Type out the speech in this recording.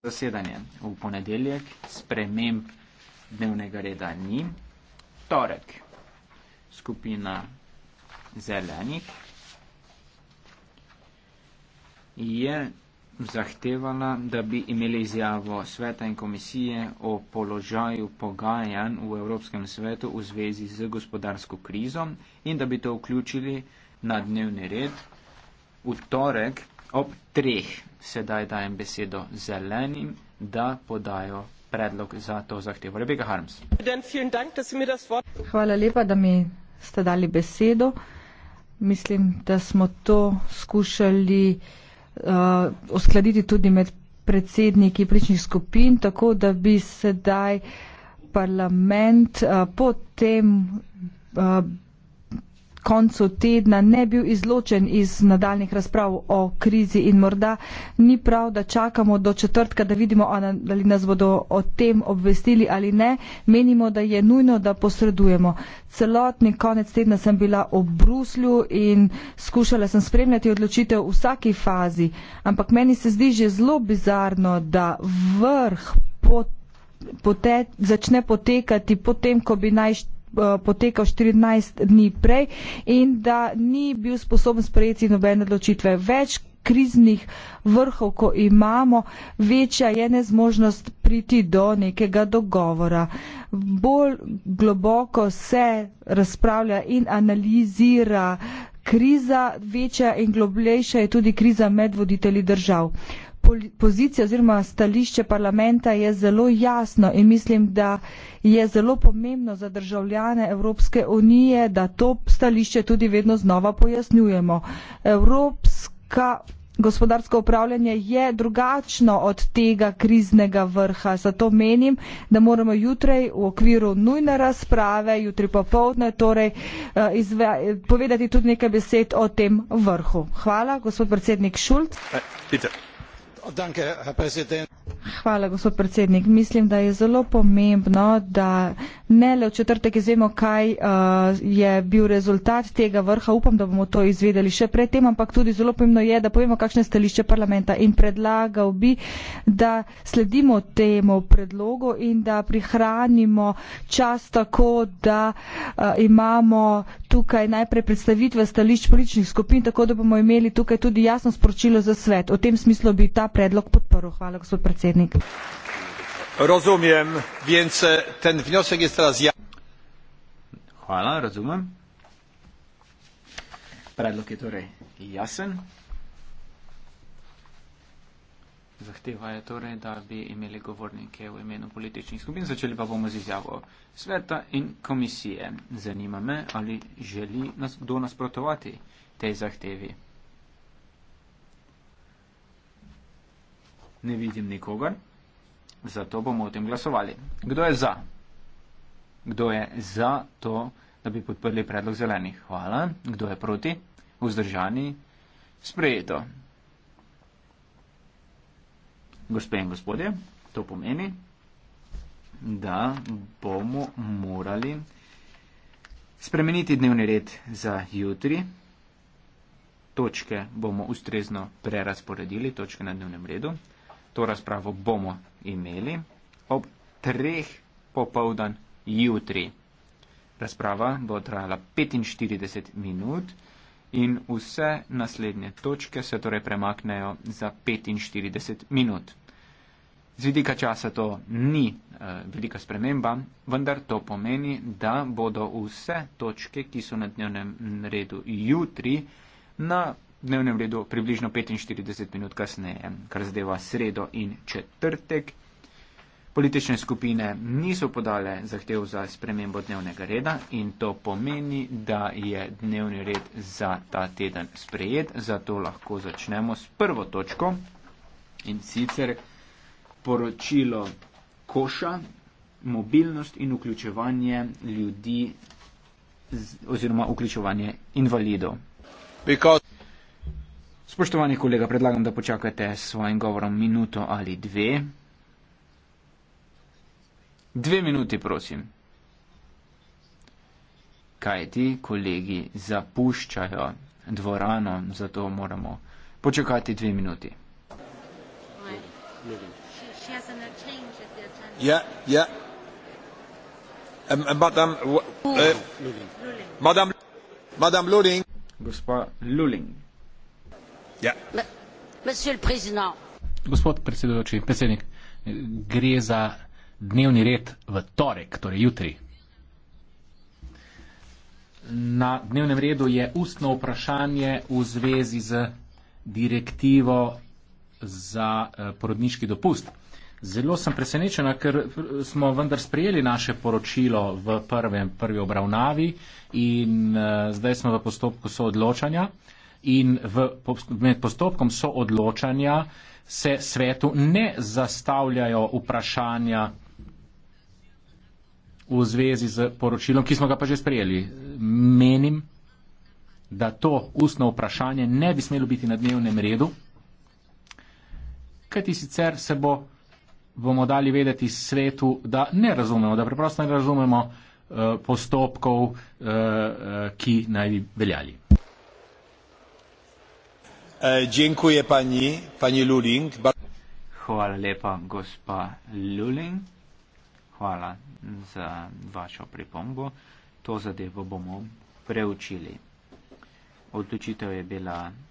zasedanje v ponedeljek, sprememb dnevnega reda ni. Torek, skupina zelenih je zahtevala, da bi imeli izjavo sveta in komisije o položaju pogajanj v Evropskem svetu v zvezi z gospodarsko krizo in da bi to vključili na dnevni red. V torek ob treh sedaj dajem besedo zelenim, da podajo predlog za to zahtevo. Rebeka Harms. Hvala lepa, da mi ste dali besedo. Mislim, da smo to skušali uh, oskladiti tudi med predsedniki pričnih skupin, tako da bi sedaj parlament uh, po tem uh, koncu tedna ne bil izločen iz nadaljnih razprav o krizi in morda ni prav, da čakamo do četrtka, da vidimo, ali nas bodo o tem obvestili ali ne. Menimo, da je nujno, da posredujemo. Celotni konec tedna sem bila v Bruslju in skušala sem spremljati odločitev v vsaki fazi, ampak meni se zdi že zelo bizarno, da vrh pot, pote, začne potekati potem, ko bi naj Eh, potekal 14 dni prej in da ni bil sposoben sprejeti nobene odločitve. Več kriznih vrhov, ko imamo, večja je nezmožnost priti do nekega dogovora. Bolj globoko se razpravlja in analizira kriza, večja in globlejša je tudi kriza med voditelji držav pozicija oziroma stališče parlamenta je zelo jasno in mislim, da je zelo pomembno za državljane Evropske unije, da to stališče tudi vedno znova pojasnjujemo. Evropska gospodarsko upravljanje je drugačno od tega kriznega vrha. Zato menim, da moramo jutraj v okviru nujne razprave, jutri popovdne, torej eh, izve, povedati tudi nekaj besed o tem vrhu. Hvala, gospod predsednik Šulc. Hey, eh, Hvala, gospod predsednik. Mislim, da je zelo pomembno, da ne le v četrtek izvemo, kaj uh, je bil rezultat tega vrha. Upam, da bomo to izvedeli še predtem, ampak tudi zelo pomembno je, da povemo, kakšne stališče parlamenta. In predlagal bi, da sledimo temu predlogu in da prihranimo čas tako, da uh, imamo tukaj najprej predstavitve stališč političnih skupin, tako da bomo imeli tukaj tudi jasno sporočilo za svet. V tem smislu bi ta predlog podporil. Hvala, gospod predsednik. Razumem, vjenc, e, ten vnjosek je teraz ja. Hvala, razumem. Predlog je torej jasen. Zahteva je torej, da bi imeli govornike v imenu političnih skupin. Začeli pa bomo z izjavo sveta in komisije. Zanima me, ali želi nas, kdo nasprotovati tej zahtevi. Ne vidim nikogar, zato bomo o tem glasovali. Kdo je za? Kdo je za to, da bi podprli predlog zelenih? Hvala. Kdo je proti? Vzdržani? Sprejeto. Gospe in gospodje, to pomeni, da bomo morali spremeniti dnevni red za jutri. Točke bomo ustrezno prerasporedili, točke na dnevnem redu. To razpravo bomo imeli ob treh popovdan jutri. Razprava bo trajala 45 minut in vse naslednje točke se torej premaknejo za 45 minut. Z vidika časa to ni eh, velika sprememba, vendar to pomeni, da bodo vse točke, ki so na dnevnem redu jutri, na dnevnem redu približno 45 minut kasneje, kar zadeva sredo in četrtek. Politične skupine niso podale zahtev za spremembo dnevnega reda in to pomeni, da je dnevni red za ta teden sprejet. Zato lahko začnemo s prvo točko in sicer poročilo koša, mobilnost in vključevanje ljudi z, oziroma vključevanje invalidov. Because... Spoštovani kolega, predlagam, da počakate s svojim govorom minuto ali dve. Dve minuti, prosim. Kaj ti kolegi zapuščajo dvorano, zato moramo počakati dve minuti. Ne, ne, ne. هي يا مدام مدام مدام لولينغ госпожа لولينغ يا مسيو البريزيدان gospod predsedujoči, predsednik, gre za dnevni red v torek, torej jutri. Na dnevnem redu je ustno vprašanje v zvezi z direktivo za eh, porodniški dopust. Zelo sem presenečena, ker smo vendar sprejeli naše poročilo v prvem, prvi obravnavi in uh, zdaj smo v postopku soodločanja. In v, med postopkom soodločanja se svetu ne zastavljajo vprašanja v zvezi z poročilom, ki smo ga pa že sprejeli. Menim, da to ustno vprašanje ne bi smelo biti na dnevnem redu, kajti sicer se bo bomo dali vedeti svetu, da ne razumemo, da preprosto ne razumemo eh, postopkov, eh, eh, ki naj bi veljali. Hvala lepa, gospa Luling. Hvala za vašo pripombo. To zadevo bomo preučili. Odločitev je bila